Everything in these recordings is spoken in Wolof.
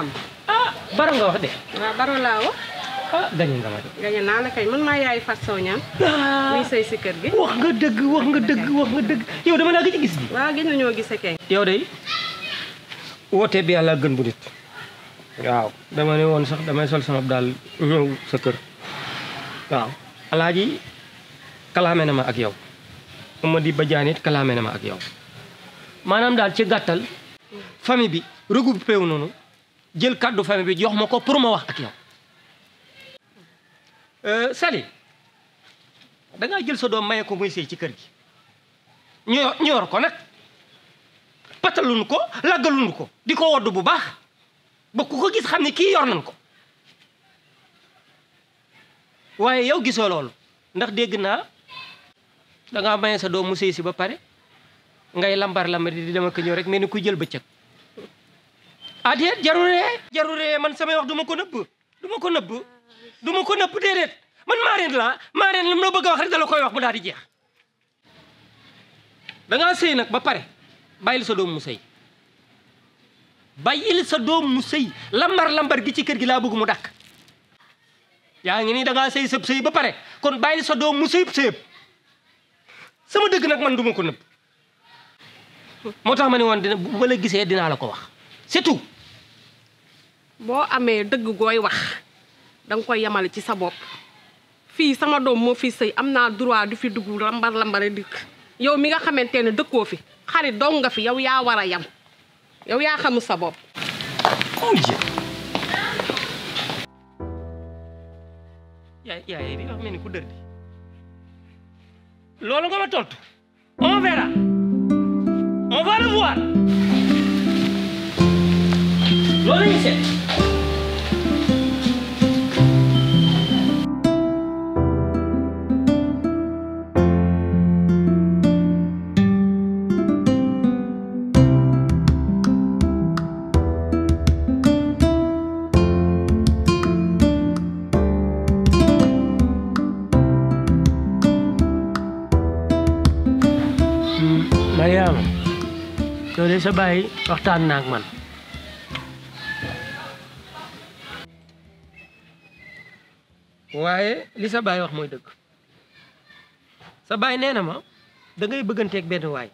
jàmm. ah baro nga wax de. waaw baro laa wax. ah nga ma de. gañe naa la kay man maa yaay Fatou Sow Niang. Ah. muy wax nga dëgg wax nga dëgg wax nga dëgg. yow dama laa gëj a gis bi. waaw gis nañoo gise kay. yow de woote bi yàlla gën bu nit. waaw dama ne woon sax damay sol sama daal ñëw sa kër. waaw alaaji kalaame na ma ak yow. ma di bajaan it kalaame na ma ak yow. maanaam daal ci gàttal. famille bi regroupé wu noonu. jël kàddu famille bi jox ma ko pour ma wax ak yow euh, Sali da ngaa jël sa doom maye ko muy sëy ci kër gi ñor ñor ko nag pataluñ ko làggaluñ ko di ko wodd bu baax ba ku ko gis xam ni kii yor nañ ko waaye yow gisoo loolu ndax dégg naa da ngaa maye sa doom mu sëy si ba pare ngay lambar lambar di dama ko ñëw rek mel ni ku jël bëccëg ah déet jarulee jarulee man samay wax du ma ko nëbb du ma ko nëbb du ma ko nëbb déedéet man marraine la marraine li mu la bëgg a wax rek da koy wax mu daal di jeex da ngaa sëy nag ba pare bàyyil sa doom mu sëy bàyyil sa doom mu sëy lambar lambar gi ci kër gi laa bëgg mu dakk yaa ngi nii da ngaa sëy sëb sëy ba pare kon bàyyil sa doom mu sëy sëyëb sama dëgg nag man du ma ko nëbb moo tax ma ne woon dina bu ma la gisee dinaa la ko wax c'est tout. boo amee dëgg gooy wax danga koy yemale ci sa bopp fii sama doom moo fi sëy am naa droit du fi dugg lambar lambare dikk yow mi nga xamante ne dëkkoo fi xarit doom nga fi yaw yaa war a yem yow yaa xamul sa bopp. Oh, yaay yaay ni ku dër loolu nga ma tontu on verra on va le voir. Valencia. Mariama yow de sa bàyyi waxtaan naak man waaye li sa baay wax mooy dëgg sa baay nee na ma dangay bëgganteek benn waay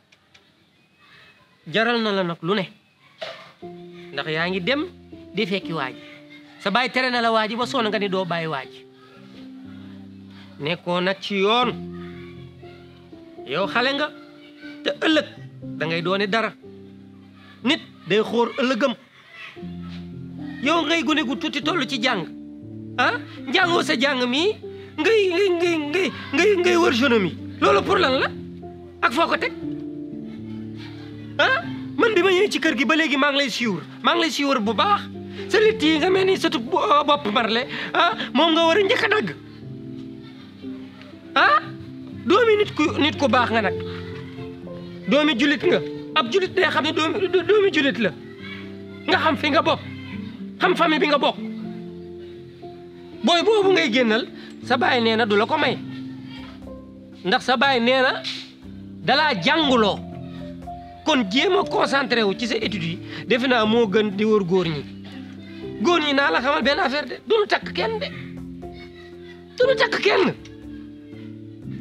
jaral na la nag lu ne ndax yaa ngi dem di fekki waaj sa baay tere na la waaji ba sonn nga ni doo bàyyi waaj nekkoon nag ci yoon yow xale nga te ëllëg dangay ngay doone dara nit day xóor ëllëgam yow ngay gune gu tuuti tollu ci jàng ah njàngoo sa jàng mi ngay ngay ngay ngay ngay ngay wër jeune mi pour lan la ak foo ko teg ah man bi ma ñëwee ci kër gi ba léegi maa ngi lay suivre maa ngi lay suivre bu baax sa litt nga mel ni satu euh, bopp marle ah moom nga war a njëkk a dagg ah doomi nit ku baax nga nag doomi julit nga ab julit day xam ne doomi doomi julit la nga xam fi nga bokk xam famille bi nga bokk booy boobu ngay génnal sa baay nee na du la ko may ndax sa baay nee na dalaa jànguloo kon jéem a concentré wu ci sa étude yi defe naa moo gën di wër góor ñi góor ñi naa la xamal benn affaire de duñu takk kenn de duñu takk kenn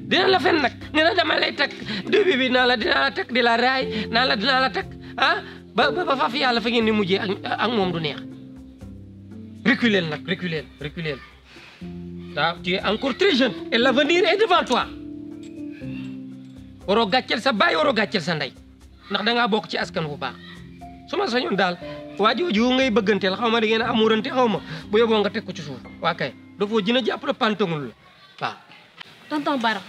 dina la fen nag nee na dama lay takk début bi naa la dinaa la takk di la raay naa la dinaa la takk ah ba ba faaf yàlla fa ngeen ni mujjee ak ak moom du neex reculer nag reculer reculer waaw tu encore très jeune et l'avenir est devant toi waroo gàcceel sa baay waroo gàccel sa ndey ndax dangaa bokk ci askan bu baax su ma sañoon daal waa jooju ngay bëgganteel xaw ma da ngeen a amurante xaw ma bu yóbboo nga teg ko ci suuf waa kay dafoo jën a jàpp la pantangul la waaw. tonton Bara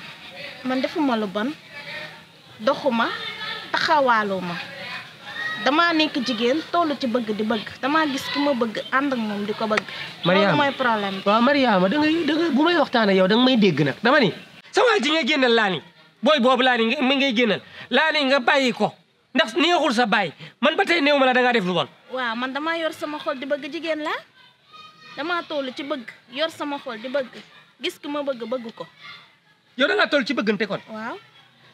man defuma lu bon doxuma taxawaaluma. damaa nekk jigéen toll ci bëgg di bëgg damaa gis ki ma bëgg ànd ak moom di ko bëgg. Mariama loolu mooy problème bi. waaw Mariama da ngay da may waxtaan ak yow da nga may dégg nag dama ni. sa ji nga génnal laa ni booy boobu laa mi ngay génnal laa nga bàyyi ko ndax neexul sa bàyyi man ba tey néew ma la da def lu bon. waaw man dama yor sama xol di bëgg jigéen laa damaa toll ci bëgg yor sama xol di bëgg gis ki ma bëgg bëgg ko. yow da ngaa ci ci bëggante kon. waaw.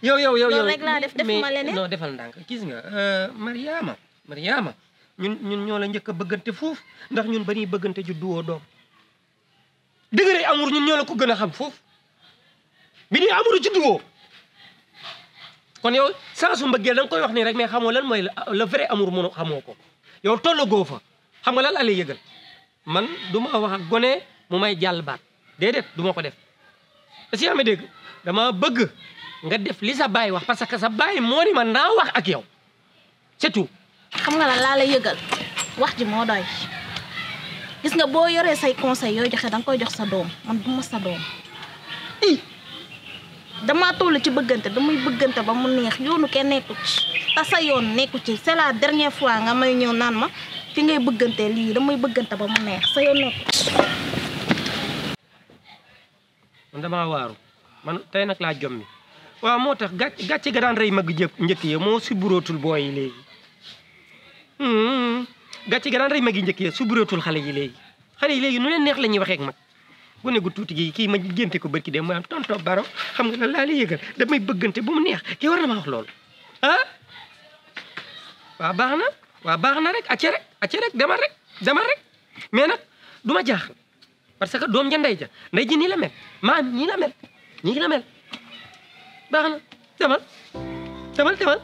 yow yow yow yow rek laa def ma leneen noo defal ndànk gis nga euh, Mariama Mariama ñun ñun ñoo la njëkk a bëggante foofu ndax ñun ba ñuy bëggante ju duwoo doom dëgëre amour ñun ñoo ko gën a xam foofu bi ñuy amour ci kon yow saa mbëggee mbëggeel koy wax nii rek mais xamoo lan mooy le vrai amour mënu xamoo ko yow tollu xam nga lan laa lay man du ma wax ak gone mu may jàll baat déedéet du ma ko def. est-ce que dégg dama bëgg nga def li sa baay wax parce que sa baay moo ni ma naa wax ak yow c'est xam nga la laa la yëgal wax ji moo doy gis nga boo yoree say conseil yooyu joxe danga koy jox sa doom man du ma sa doom. dama tollu ci bëggante damay bëggante ba mu neex yoonu kenn nekku ci te sa yoon nekku ci c'est la dernière fois nga may ñëw naan ma fi ngay bëggante lii damay bëggante ba mu neex sa yoon man damaa waaru man tey nag laa jommi. waaw moo tax gàc gàcce ga daan mag jëkk njëkk ya moo suburootul booy yi léegi hmm. gàcce ga daan rey mag yi njëkk ya suburootul xale yi léegi xale yi léegi nu leen neex la ñuy waxeek mag gone gu tuuti gi kii ma génte ko bërki dem ma am tonto baro xam nga lan laa lay yëgal damay bëggante bu mu neex kii war na ma wax loolu ah waaw baax na waa baax na rek acca rek acca rek demal rek demal mais nag duma ma jaaxal parce que doom ja ndey ja ndey ji nii la mel maam nii la mel nii la mel baax na demal demal demal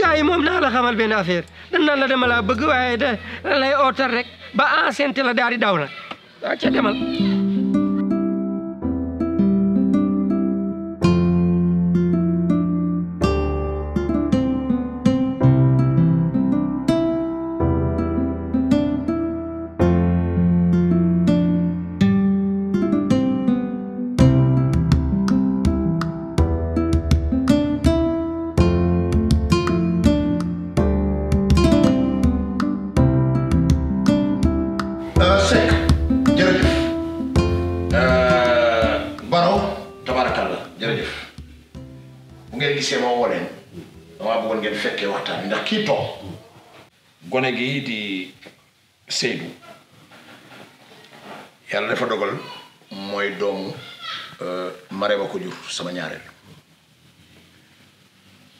gars yi moom naa la xamal benn affaire dan naan la dama laa bëgg waaye da lay ootal rek ba enceinte la daal di daw na bu ngeen gisee ma woo leen damaa bëggoon ngeen fekkee waxtaan ndax kii toog gone gi di Seydou yàlla dafa dogal mooy doomu euh, mare ba ko jur sama ñaareel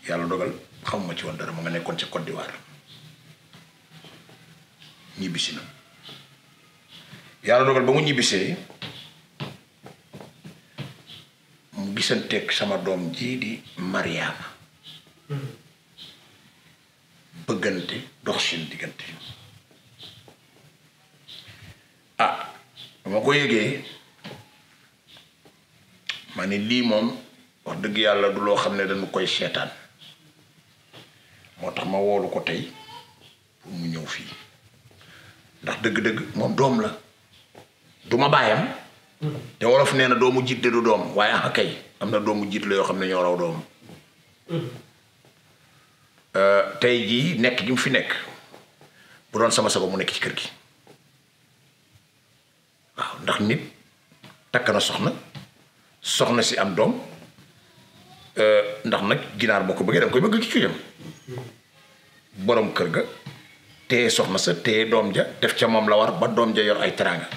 yàlla dogal xamuma ci woon dara mu nga nekkoon ci Côte d'Ivoire ñibbisi na yàlla dogal ba mu ñibbisee gisanteeg sama doom ji di Mariama bëggante dox seen diggante ah ma ko yëgee ma ne lii moom wax dëgg yàlla du loo xam ne dañu koy seetaan moo tax ma woolu ko tey pour mu ñëw fii ndax dëgg-dëgg moom doom la duma ma baayam hmm. te wolof nee na doomu jiite du doom waaye ah kay am na doomu jiit la yoo xam ne ñoo raw doom euh, tey jii nekk gi mu fi nekk bu doon sama sago mu nekk ci kër gi waaw ndax nit takk na soxna soxna si am doom euh, ndax nag ginaar boo ko bëggee danga koy bëgg ci cuujam boroom kër ga téye soxna sa téye doom ja def ca moom la war ba doom ja yor ay teraanga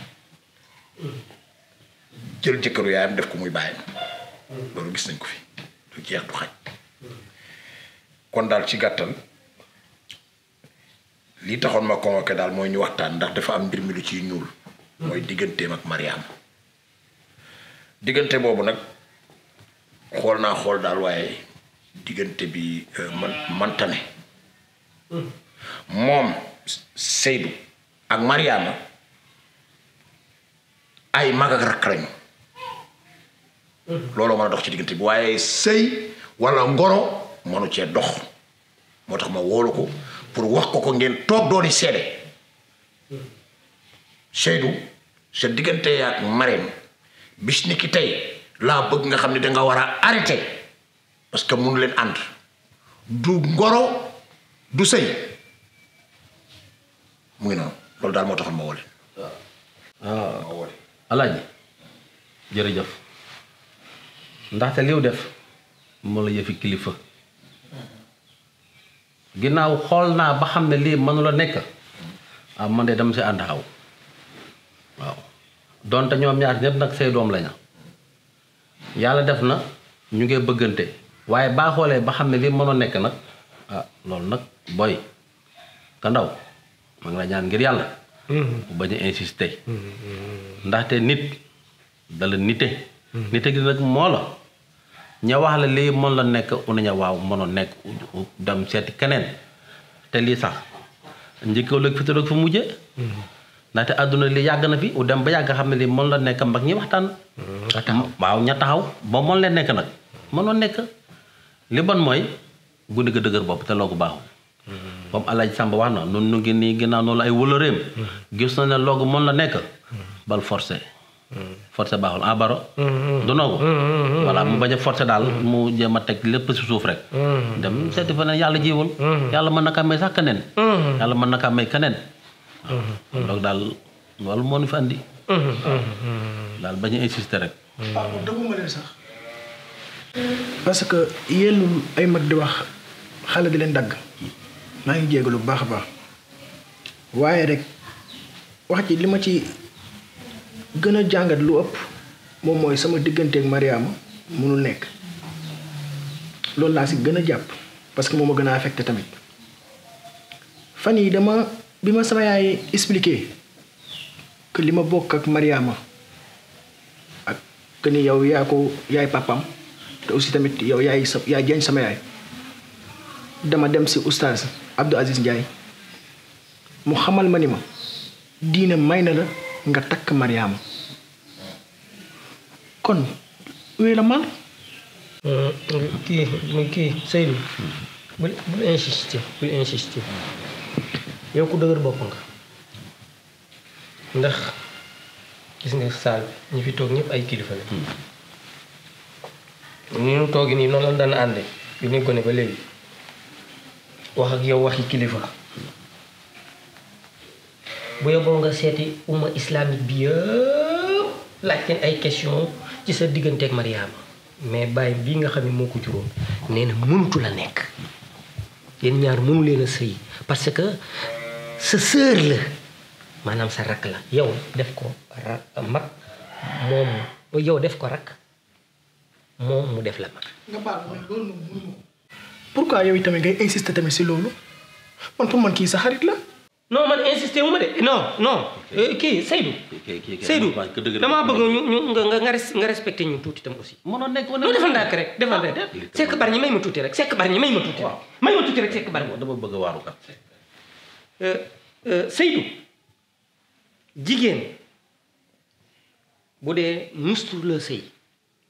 jël jëkkëru yaayam def ko muy bàyyam loolu gis nañ ko fi lu jeex du xaj kon daal ci gàttal lii taxoon ma convoqué daal mooy ñu waxtaan ndax dafa am mbir mi lu ciy ñuul mooy digganteem ak Mariam diggante boobu nag xool naa xool daal waaye diggante bi euh, man mantane moom Seydou ak Mariama ay mag ak rakk lañu looloo mën a dox ci diggante bi waaye sëy walla ngoro mënu cee dox moo tax ma woolu ko pour wax ko ko ngeen toog dooni seede Seydou sa diggante yaak Marème bis ni ki tey laa bëgg nga xam ne danga war a arrêté parce que mënu leen ànd du ngoro du sëy mu ngi noonu loolu daal moo taxoon ma woole ndaxte liw def moo la yëfi kilifa ginnaaw xool naa ba xam ne lii mënula nekk ah man de dama si ànd xaw waaw donte ñoom ñaar ñëpp nag say doom lañu yàlla def na ñu ngi bëggante waaye baa xoolee ba xam ne lii mënoo nekk nag ah, loolu nag boy ka ndaw ma la ñaan ngir yàlla bu mm-hmm. bañ a mm-hmm. ndaxte nit dala nite mm-hmm. nite gi moo la ña wax la lii mën la nekk unaña waaw mënoo nekk dem seeti keneen te lii sax njëkkoolëg fitaloog fa mujje mm-hmm. ndaxte àdduna li yàgg na fi u dem ba yàgg xam ne li mën la nekk mbag ñi waxtaan mm-hmm. waaw ña taxaw ba mën leen nekk nag mënoo nekk li bon mooy guddi ga dëgër bopp te loogu baaxul mm-hmm. comme alaaj Samba wax na nun nu ngi nii ginnaaw noonu ay wëlëreem gis na ne loogu mën la nekk bal forcé forcé baaxul ah baro mm-hmm. donoo ko mm-hmm. voilà mu bañ a forcé daal mu jëm a teg lépp si suuf rek mm-hmm. dem seeti feneen yàlla jiwul yàlla mën na kaa may sax keneen yàlla mën na kaa may keneen donc daal loolu moo ñu fa daal bañ a insister rek waaw dëgguma leen sax parce que yéen ay mag di wax xale di leen dagg maa ngi jégalu bu baax a baax waaye rek wax ci li ma ci gën a jàngat lu ëpp moom mooy sama diggante digganteeg Mariama mënul nekk loolu laa si gën a jàpp parce que moom a gën a affecté tamit fan yi dama bi ma sama yaay explique que li ma bokk ak Mariama ak que ni yow yaa ko yaay papam te aussi tamit yow yaay sa yaa jañ sama yaay dama dem si oustaz Abdou Aziz Ndiaye mu xamal ma ni ma diine may na la nga takk Mariama kon wéy la man kii kii Seydou bul bul insister bul insister yow ku dëgër bopp nga ndax gis nga saal bi ñu fi toog ñëpp ay kilifa la ni ñu toogi nii noonu la daan ànde bi ñu gone ba léegi wax ak yow waxi kilifa bu yoboo nga seeti umma islamique bi yëpp laaj ay question ci sa digganteeg Mariama mais bàyyi bii nga xam ni moo ko juróom nee na la nekk yéen ñaar mënu leen a sëy parce que sa sœur la maanaam sa rakk la yow def ko mag def ko rakk moom mu def la mag. nga baal ma loolu moom mënu ma yow itamit ngay insister tamit si loolu man pour man kii sa xarit la. non man insisté wu ma de non non. Euh, kii Seydou. Seydou damaa bëgg ñu ñu nga nga respecté ñu tuuti tam aussi. mënoon nekk wala defal ndànk rek defal ndànk ah, sekk bar ñi may ma tuuti rek sekk bar ñi may ma tuuti rek. may ma tuuti rek sekk bar ñi. dama bëgg a waaru kat. Euh, euh, Seydou jigéen bu dee mustur la sëy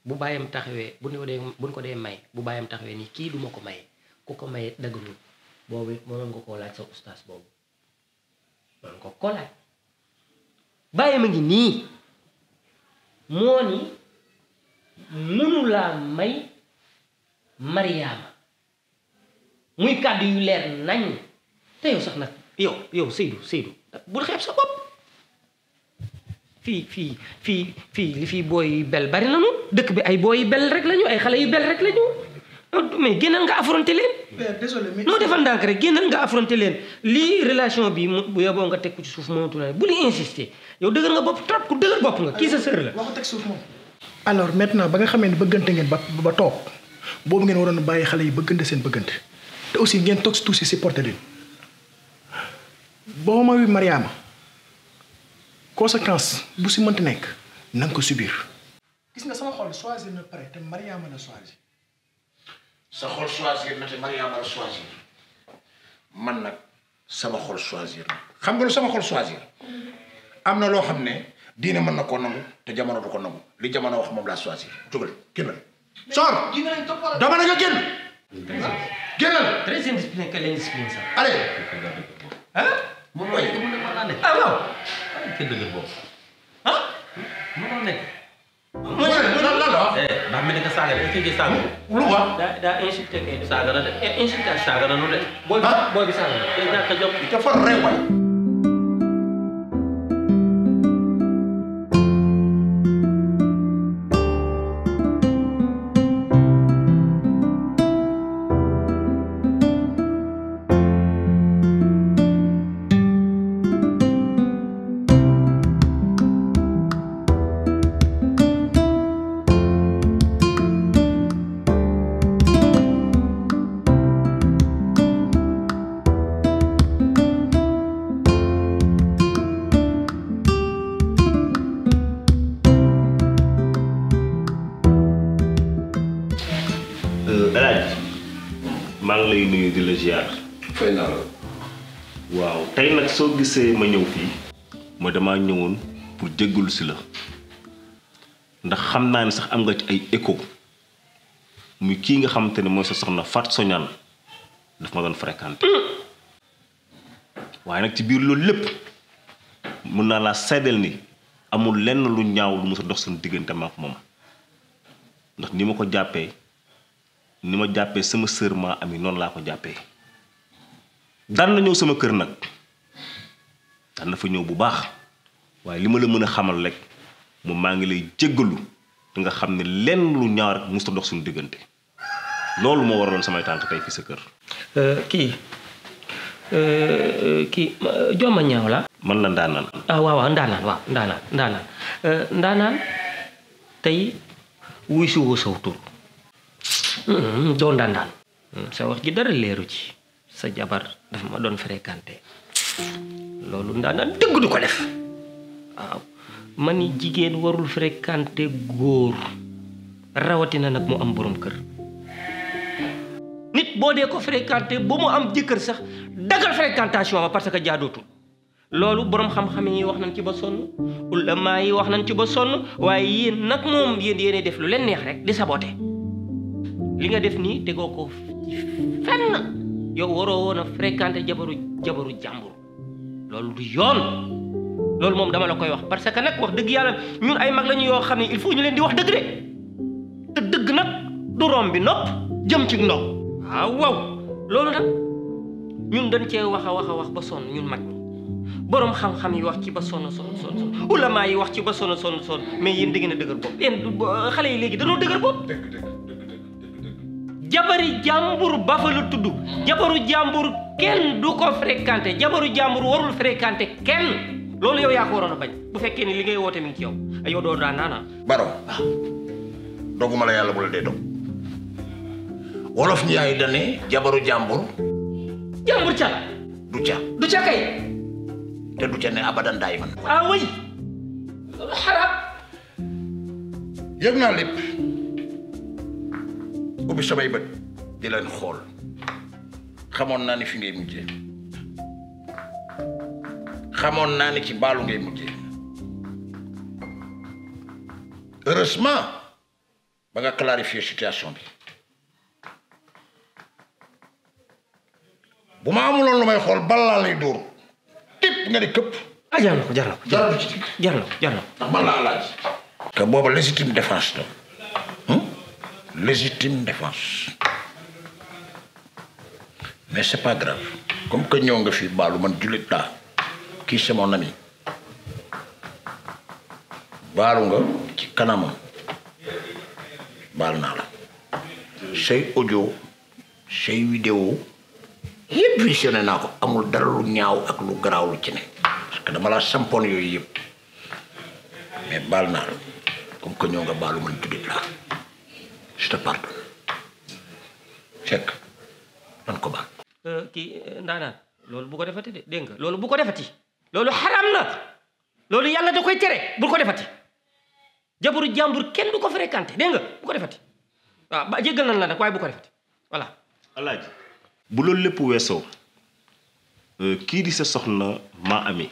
bu bàyyam taxawee bu ñu ko dee bu ñu ko dee may bu bàyyam taxawee nii kii du ma ko maye ku ko maye dagganul boobu it mënoon nga koo laaj sa ustaas boobu. man ko kolaaj bàyyi ma ngi nii moo ni mënulaa may mariama muy kàddu yu leer nañ te yow sax nag yow yow Seydou Seydou bul xeeb sa bopp fii fii fii fii li fii booy bel bari na nañu dëkk bi ay booy bel rek lañu ay xale yu bel rek lañu mais génnal nga affronté leen. désolé mais. non defal ndànk rek génnal nga affronté leen lii relation bi bu yaboo nga teg ko ci suuf moomatu la bu li insister yow dëgër nga bopp trop ku dëgër bopp nga kii sa sër la. waxu teg suuf ba nga xamee ne bëggante ngeen ba ba toog boobu ngeen waroon bàyyi xale yi bëggante seen bëggante te aussi ngeen toog si supporté leen boo ma wi Mariama conséquence bu si mënti nekk na nga ko subir. gis nga sama xol choisir na pare te Mariama la sa xool choisir na te Mariama la choisir man nag sama xol choisir xam nga lu sama xol choisir am na loo xam ne diine mën na koo nangu te jamono du ko nangu li jamono wax moom laa choisir dugal génnal soor dama na nga génn génnal très indiscipliné que l'indiscipliné sax allez ah moom mooy ah waaw dëgg boobu ah mënoo nekk waaw eh ndax mel ni que saaga est-ce que saaga lu ko daa daa insulté kay saaga na de eh, insulté saaga na nu de booy bi saaga na te ñàkk a jom te fa reewal maa ngi lay nuyu di la ziar. waaw tey nag soo gisee ma ñëw fii ma dama ñëwoon pour jégalu si la ndax xam naa ne sax am nga ci ay écho muy kii nga xamante ne mooy sa soxna Fatou Soñaan daf ma doon fréquenté waaye nag ci biir loolu lépp mën naa laa seddal ni amul lenn lu ñaaw lu mu sa dox seen diggante ma moom ndax ni ma ko jàppee. ni ma jàppee sama sœur maa ami noonu laa ko jàppee daan na ñëw sama kër nag daan na fa ñëw bu baax waaye li ma la mën a xamal rek moom maa ngi lay jéggalu di nga xam ne lenn lu ñaaw rek musta dox suñu diggante loolu moo war a waraloon samay tànk tey fi sa kër. Euh, kii euh, euh, kii Joma ñaaw la. man la Ndaanaan. ah waaw waaw Ndaanaan waaw Ndaanaan tey wuy si woo saw tur Mm-hmm. doon daandaan mm, sa wax ji dara leeru ci sa jabar dafa ma doon fréquenté loolu ndaanaan dëgg du ko def waaw ma ni jigéen warul fréquenté góor rawatina nag mu am boroom kër nit boo dee ko fréquenté ba mu am jëkkër sax dagal fréquentation ba parce que jaadootul loolu borom xam-xam yi wax nañ ci ba sonn maa yi wax nañ ci ba sonn waaye yéen nag moom yéen yéene def lu leen neex rek di saboté li nga def nii tegoo ko fenn yow waroo woon a fréquenter jabaru jabaru jàmbur loolu du yoon loolu moom dama la koy wax parce que nag wax dëgg yàlla ñun ay mag lañu yoo xam ni il faut ñu leen di wax dëgg de dëgg nag du rom bi nopp jëm ci ndox ah, waaw waw loolu nag ñun dañ cee wax a wax a wax ba sonn ñun mag boroom xam-xam yi wax ci ba sonn sonn sonn sonn ulamaa yi wax ci ba sonn sonn sonn mais yéen dëgg na dëgër bopp xale yi léegi dañoo dëg jabari jàmbur ba fa la tudd jabaru jàmbur kenn du ko fréquenté jabaru jàmbur warul fréquenté kenn loolu yow yaa ko waroon a bañ bu fekkee ni li ngay woote mi ngi ci yow yow doo daan naana baro doguma la yàlla bu la dee dog wolof ñaay da jabaru jàmbur jàmbur ca du ca du ca kay te du ca ne abadan daay man ah oui yëg naa lépp ubbi samay bët di leen xool xamoon naa ni fi ngay mujjee xamoon naa ni ci baalu ngay mujjee heureusement ba nga clarifier situation bi bu ma amuloon lu may xool balaa lay dóor tip nga di këpp. ah jar na ko jar na ko jar na ko jar na ko jar na ko. ndax man laa laaj. te booba légitime défense la. légitime défense mais c'est pas grave comme que ñëw nga fi baalu man jullit laa kii c'est mon baalu nga ci kanamam baal naa la say audio say vidéo yëpp visionné naa ko amul dara lu ñaaw ak lu garaaw lu ci ne parce que dama laa sampoon yooyu yëpp mais baal naa la comme que ñëw nga baalu man jullit laa je man ko baal. kii ndaanaan loolu bu ko defati dégg nga loolu bu ko defati loolu xaram na loolu yàlla da koy tere bu ko defati jabaru jàmbur kenn du ko fréquenté dégg bu ko defati waaw ba jéggal nañ la nag waaye bu ko defati voilà. alaaji bu loolu lépp weesoo euh, kii di sa soxna maa amee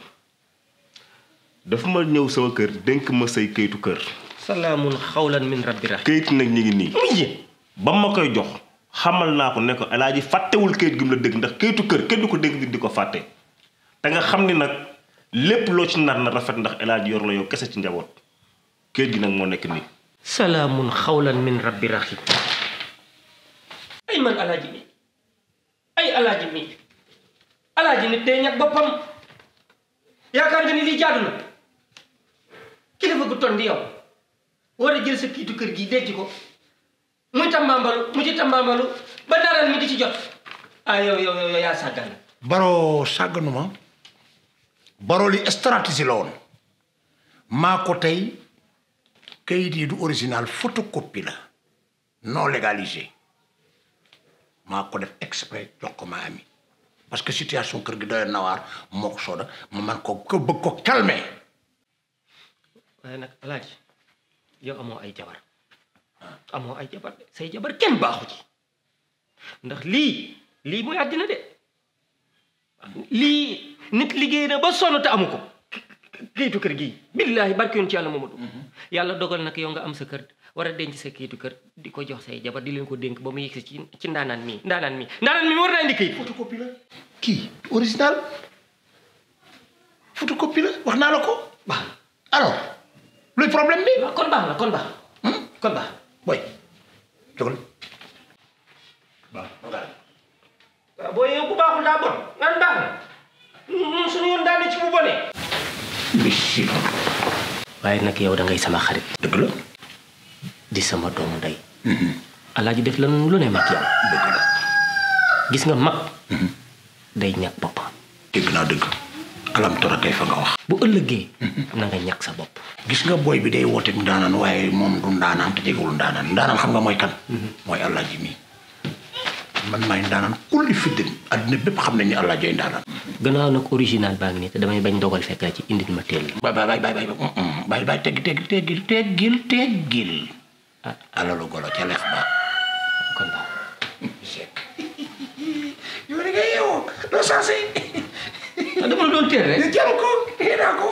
dafa ma ñëw sama kër dénk ma say kayitu kër. salaamun xawlan min rabbi rahim. kayit nag ñu ngi nii. muy ba ma koy jox xamal naa ko ne ko alaaji fàttewul kayit gi mu la dégg ndax kayitu kër kenn du ko dégg di ko fàtte danga xam ni nag lépp loo ci nar na rafet ndax alaaji yor la yow kese ci njaboot kayit gi nag moo nekk nii. salaamun xawlan min rabbi rahim. ay alaaji mi ay alaaji mi alaaji nit day ñàkk boppam yaakaar nga ni lii jaadu na kilifa gu ton di yow. war a jël sa kiitu kër gi denc ko muy tambambalu mu ci tambambalu ba naral mi di ci jot ah yow yow yow yaa sàggan Baro sàgganuma Baro li stratégie la woon maa ko tey kayit yi du original photocopie la non légalisé maa ko def exprès jox ko ma ami parce que situation kër gi doyoon na waar moo ko sooda ma man ko ko bëgg ko calmer yow amoo ay jabar amoo ay jabar say jabar kenn baaxu ci ndax lii lii mooy àddina de lii nit liggéey na ba sonn te amu ko kayitu kër gi billaahi barke yoon ci yàlla Mamadu mhm. yàlla dogal nag yow nga am sa kër war a denc sa kayitu kër di ko jox say jabar di leen ko dénk ba mu yegsi ci ci ndaanaan mii ndaanaan mii ndaanaan mii war naa indi kayit kii original photocopie la wax naa la ko alors luy problème bi. waaw kon booy. Hmm? jógal. baax baaxul daa bon naan baax na ñun suñu yoon daal ci bu bonee. waaye nag yow da ngay sama xarit. dëgg di sama doomu ndey. Hmm. alaaji def lan lu ne mag gis nga mag. Hmm. day ñàkk boppam. dëgg naa dëgg. alam tora kay fa nga wax. bu ëllëgee. Mhm. na nga ñàkk sa bopp. gis nga booy bi day woote ndaanaan waaye moom du ndaanaan te jegewul ndaanaan xam nga mooy kan. Mhm. mooy Alaaji mi man maay ndaanaan kulli fiddin xam nañ ne Alaaji ay ndaanaan. gannaaw nag original baa bañ dogal fekk la ma teel la. bay bay bay bay bay bay teggi teggi teggil teggil teggil. ah alalu golo ca dama la doon teel rek. jëm ko teel naa ko.